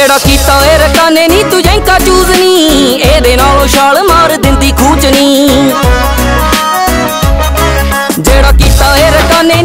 ਜਿਹੜਾ ਕੀਤਾ ਏ ਰਕਾਨੇ ਨਹੀਂ ਤੂੰ ਜੈਂਕਾ ਚੂਜ਼ ਨਹੀਂ ਇਹਦੇ ਨਾਲੋਂ ਛਾਲ ਮਾਰ ਦਿੰਦੀ ਖੂਚਨੀ ਜਿਹੜਾ ਕੀਤਾ ਏ ਰਕਾਨੇ